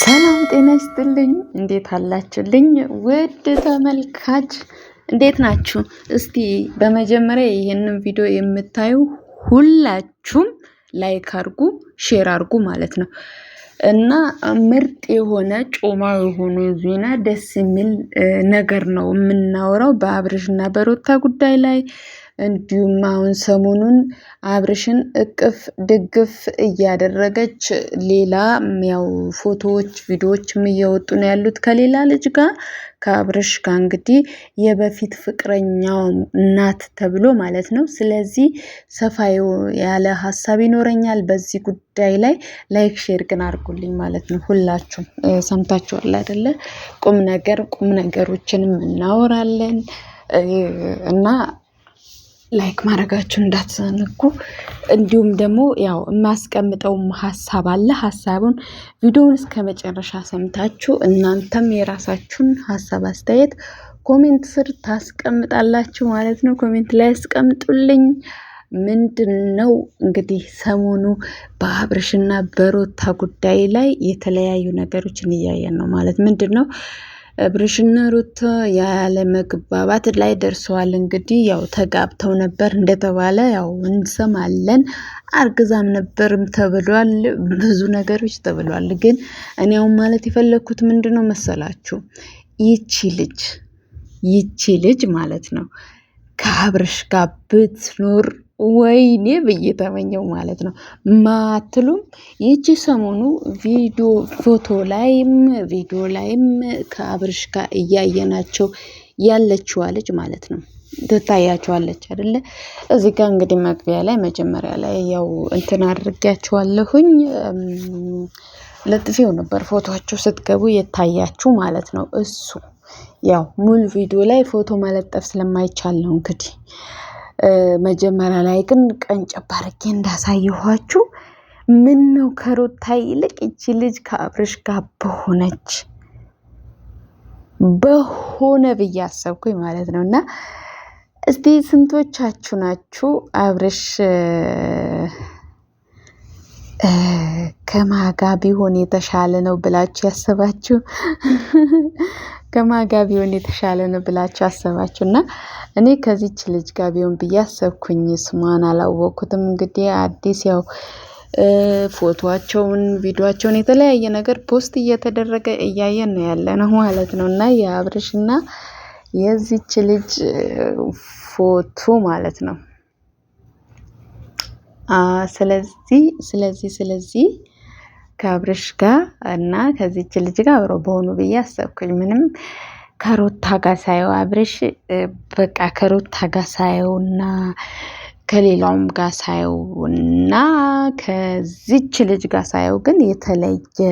ሰላም ጤና ይስጥልኝ። እንዴት አላችሁልኝ? ውድ ተመልካች እንዴት ናችሁ? እስቲ በመጀመሪያ ይህንን ቪዲዮ የምታዩ ሁላችሁም ላይክ አርጉ፣ ሼር አርጉ ማለት ነው እና ምርጥ የሆነ ጮማ የሆነ ዜና ደስ የሚል ነገር ነው የምናወራው በአብርሽ እና ጉዳይ ላይ እንዲሁም አሁን ሰሞኑን አብርሽን እቅፍ ድግፍ እያደረገች ሌላ ያው ፎቶዎች ቪዲዮዎችም እየወጡ ነው ያሉት ከሌላ ልጅ ጋር ከአብርሽ ጋር እንግዲህ የበፊት ፍቅረኛው ናት ተብሎ ማለት ነው። ስለዚህ ሰፋ ያለ ሀሳብ ይኖረኛል በዚህ ጉዳይ ላይ። ላይክ ሼር ግን አድርጉልኝ ማለት ነው። ሁላችሁም ሰምታችኋል አይደለ? ቁም ነገር ቁም ነገሮችንም እናወራለን እና ላይክ ማድረጋችሁ እንዳትዘነጉ። እንዲሁም ደግሞ ያው የማስቀምጠውም ሀሳብ አለ። ሀሳቡን ቪዲዮውን እስከ መጨረሻ ሰምታችሁ እናንተም የራሳችሁን ሀሳብ አስተያየት ኮሜንት ስር ታስቀምጣላችሁ ማለት ነው። ኮሜንት ላይ አስቀምጡልኝ። ምንድን ነው እንግዲህ ሰሞኑ በአብርሽና በሮታ ጉዳይ ላይ የተለያዩ ነገሮችን እያየን ነው ማለት ምንድን ነው ሩት ያለ መግባባት ላይ ደርሰዋል። እንግዲህ ያው ተጋብተው ነበር እንደተባለ ያው እንሰማለን። አርግዛም ነበርም ተብሏል። ብዙ ነገሮች ተብሏል። ግን እኔ አሁን ማለት የፈለግኩት ምንድን ነው መሰላችሁ? ይቺ ልጅ ይቺ ልጅ ማለት ነው ከአብርሽ ጋር ብትኖር ወይኔ ብዬ ተመኘው ማለት ነው። ማትሉም ይቺ ሰሞኑ ቪዲዮ ፎቶ ላይም ቪዲዮ ላይም ከአብርሽ ጋር እያየናቸው ያለችዋለች ማለት ነው። ትታያቸዋለች አይደለ? እዚህ ጋር እንግዲህ መግቢያ ላይ መጀመሪያ ላይ ያው እንትን አድርጊያችኋለሁኝ ለጥፌው ነበር ፎቶቸው ስትገቡ የታያችሁ ማለት ነው። እሱ ያው ሙሉ ቪዲዮ ላይ ፎቶ መለጠፍ ስለማይቻል ነው እንግዲህ መጀመሪያ ላይ ግን ቀንጨብ አድርጌ እንዳሳየኋችሁ ምን ነው ከሩታ ይልቅ እቺ ልጅ ከአብርሽ ጋር በሆነች በሆነ ብዬ አሰብኩኝ ማለት ነው። እና እስቲ ስንቶቻችሁ ናችሁ አብርሽ ከማጋ ቢሆን የተሻለ ነው ብላችሁ ያሰባችሁ? ከማጋ ቢሆን የተሻለ ነው ብላችሁ አሰባችሁ እና እኔ ከዚች ልጅ ጋር ቢሆን ብዬ አሰብኩኝ። ስሟን አላወቅኩትም። እንግዲህ አዲስ ያው ፎቶቸውን፣ ቪዲዮቸውን የተለያየ ነገር ፖስት እየተደረገ እያየን ነው ያለ ነው ማለት ነው እና የአብርሽ እና የዚች ልጅ ፎቶ ማለት ነው። ስለዚህ ስለዚህ ስለዚህ ከአብርሽ ጋር እና ከዚች ልጅ ጋር አብሮ በሆኑ ብዬ አሰብኩኝ። ምንም ከሩታ ጋር ሳየው አብርሽ በቃ ከሩታ ጋር ሳየው እና ከሌላውም ጋር ሳየው እና ከዚች ልጅ ጋር ሳየው ግን የተለየ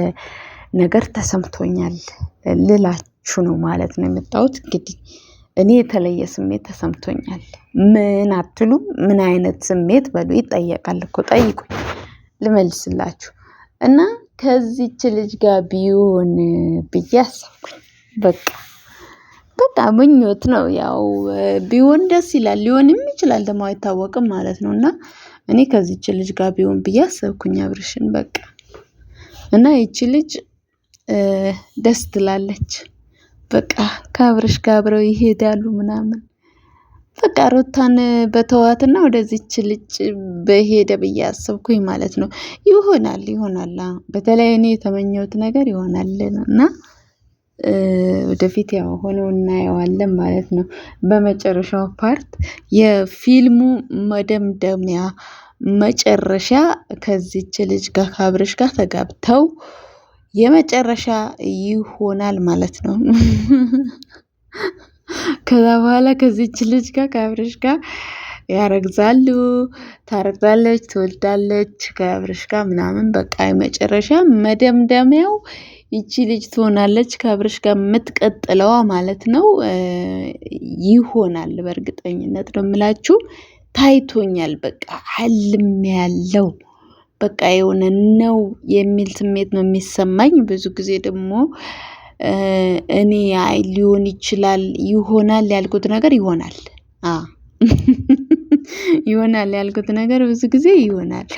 ነገር ተሰምቶኛል ልላችሁ ነው ማለት ነው የመጣሁት። እንግዲህ እኔ የተለየ ስሜት ተሰምቶኛል። ምን አትሉም? ምን አይነት ስሜት በሉ ይጠየቃል እኮ ጠይቁኝ ልመልስላችሁ። እና ከዚች ልጅ ጋር ቢሆን ብዬ አሰብኩኝ። በቃ በቃ ምኞት ነው ያው ቢሆን ደስ ይላል፣ ሊሆንም ይችላል ደግሞ አይታወቅም ማለት ነው። እና እኔ ከዚች ልጅ ጋር ቢሆን ብዬ አሰብኩኝ አብርሽን በቃ እና ይቺ ልጅ ደስ ትላለች። በቃ ከአብርሽ ጋር አብረው ይሄዳሉ ምናምን በቃ ሩታን በተዋትና ወደዚች ልጭ በሄደ ብዬ አሰብኩኝ ማለት ነው። ይሆናል ይሆናል። በተለይ እኔ የተመኘሁት ነገር ይሆናል እና ወደፊት ያው ሆኖ እናየዋለን ማለት ነው። በመጨረሻው ፓርት የፊልሙ መደምደሚያ መጨረሻ ከዚች ልጅ ጋር ካብርሽ ጋር ተጋብተው የመጨረሻ ይሆናል ማለት ነው። ከዛ በኋላ ከዚች ልጅ ጋር ከአብርሽ ጋር ያረግዛሉ፣ ታረግዛለች፣ ትወልዳለች ከአብርሽ ጋር ምናምን በቃ የመጨረሻ መደምደሚያው ይቺ ልጅ ትሆናለች። ከአብርሽ ጋር የምትቀጥለዋ ማለት ነው ይሆናል። በእርግጠኝነት ነው የምላችሁ። ታይቶኛል። በቃ አልም ያለው በቃ የሆነ ነው የሚል ስሜት ነው የሚሰማኝ ብዙ ጊዜ ደግሞ እኔ አይ ሊሆን ይችላል ይሆናል ያልኩት ነገር ይሆናል። ይሆናል ያልኩት ነገር ብዙ ጊዜ ይሆናል።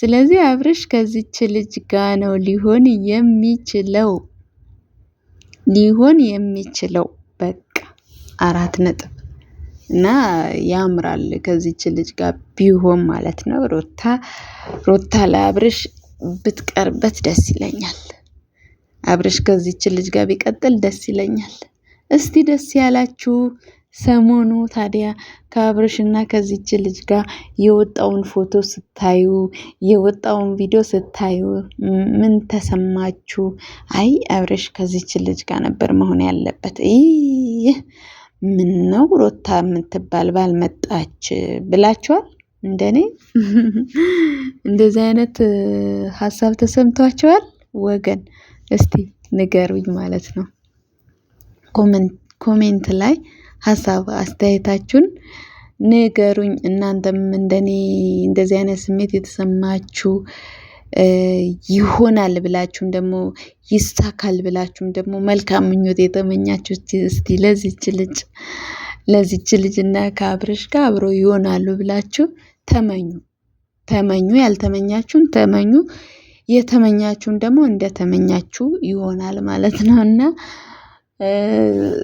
ስለዚህ አብርሽ ከዚች ልጅ ጋ ነው ሊሆን የሚችለው ሊሆን የሚችለው በቃ አራት ነጥብ እና ያምራል። ከዚች ልጅ ጋር ቢሆን ማለት ነው። ሮታ ሮታ ለአብርሽ ብትቀርበት ደስ ይለኛል። አብርሽ ከዚች ልጅ ጋር ቢቀጥል ደስ ይለኛል። እስቲ ደስ ያላችሁ ሰሞኑ ታዲያ ከአብርሽ እና ከዚች ልጅ ጋር የወጣውን ፎቶ ስታዩ የወጣውን ቪዲዮ ስታዩ ምን ተሰማችሁ? አይ አብርሽ ከዚች ልጅ ጋር ነበር መሆን ያለበት። ይህ ምን ነው ሮታ የምትባል ባልመጣች ብላችኋል። እንደኔ እንደዚህ አይነት ሀሳብ ተሰምቷቸዋል ወገን እስቲ ንገሩኝ ማለት ነው። ኮሜንት ላይ ሀሳብ አስተያየታችሁን ንገሩኝ። እናንተም እንደኔ እንደዚህ አይነት ስሜት የተሰማችሁ ይሆናል ብላችሁም ደግሞ ይሳካል ብላችሁም ደግሞ መልካም ምኞት የተመኛችሁ እስቲ ለዚች ልጅ ለዚች ልጅ እና ከአብረሽ ጋር አብሮ ይሆናሉ ብላችሁ ተመኙ ተመኙ። ያልተመኛችሁን ተመኙ። የተመኛችሁን ደግሞ እንደተመኛችሁ ይሆናል ማለት ነው እና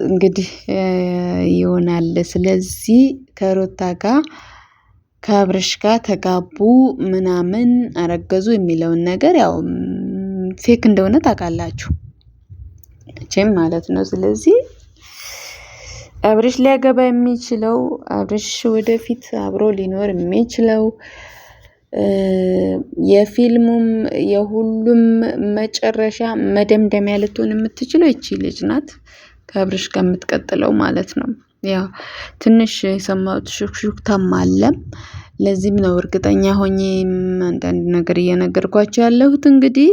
እንግዲህ ይሆናል። ስለዚህ ከሩታ ጋር ከአብርሽ ጋር ተጋቡ ምናምን አረገዙ የሚለውን ነገር ያው ፌክ እንደሆነ ታውቃላችሁ መቼም ማለት ነው። ስለዚህ አብርሽ ሊያገባ የሚችለው አብርሽ ወደፊት አብሮ ሊኖር የሚችለው የፊልሙም የሁሉም መጨረሻ መደምደሚያ ልትሆን የምትችለው ይቺ ልጅ ናት። ከብርሽ ከምትቀጥለው ማለት ነው። ያው ትንሽ የሰማሁት ሹክሹክታም አለም። ለዚህም ነው እርግጠኛ ሆኜ አንዳንድ ነገር እየነገርኳቸው ያለሁት። እንግዲህ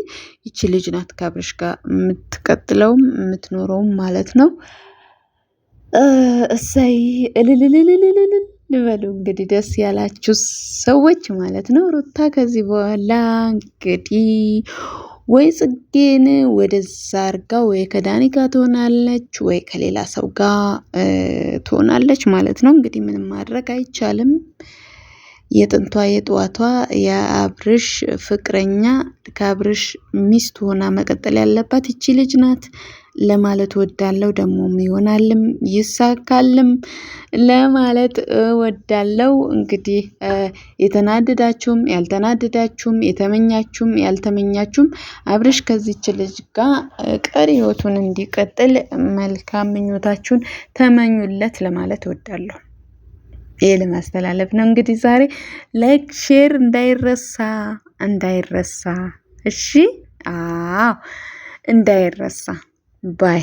ይቺ ልጅ ናት ከብርሽ ጋር የምትቀጥለውም የምትኖረውም ማለት ነው። እሰይ እልልልልልልል ልበሉ እንግዲህ ደስ ያላችሁ ሰዎች ማለት ነው። ሩታ ከዚህ በኋላ እንግዲህ ወይ ጽጌን ወደዛ አርጋ ወይ ከዳኒ ጋር ትሆናለች ወይ ከሌላ ሰው ጋር ትሆናለች ማለት ነው። እንግዲህ ምንም ማድረግ አይቻልም። የጥንቷ የጠዋቷ የአብርሽ ፍቅረኛ ከአብርሽ ሚስት ሆና መቀጠል ያለባት ይቺ ልጅ ናት ለማለት ወዳለው ደግሞም ይሆናልም ይሳካልም ለማለት ወዳለው። እንግዲህ የተናደዳችሁም ያልተናደዳችሁም የተመኛችሁም ያልተመኛችሁም አብርሽ ከዚች ልጅ ጋር ቀሪ ሕይወቱን እንዲቀጥል መልካም ምኞታችሁን ተመኙለት ለማለት ወዳለሁ። ይሄ ለማስተላለፍ ነው። እንግዲህ ዛሬ ላይክ ሼር እንዳይረሳ እንዳይረሳ። እሺ፣ አዎ እንዳይረሳ። ባይ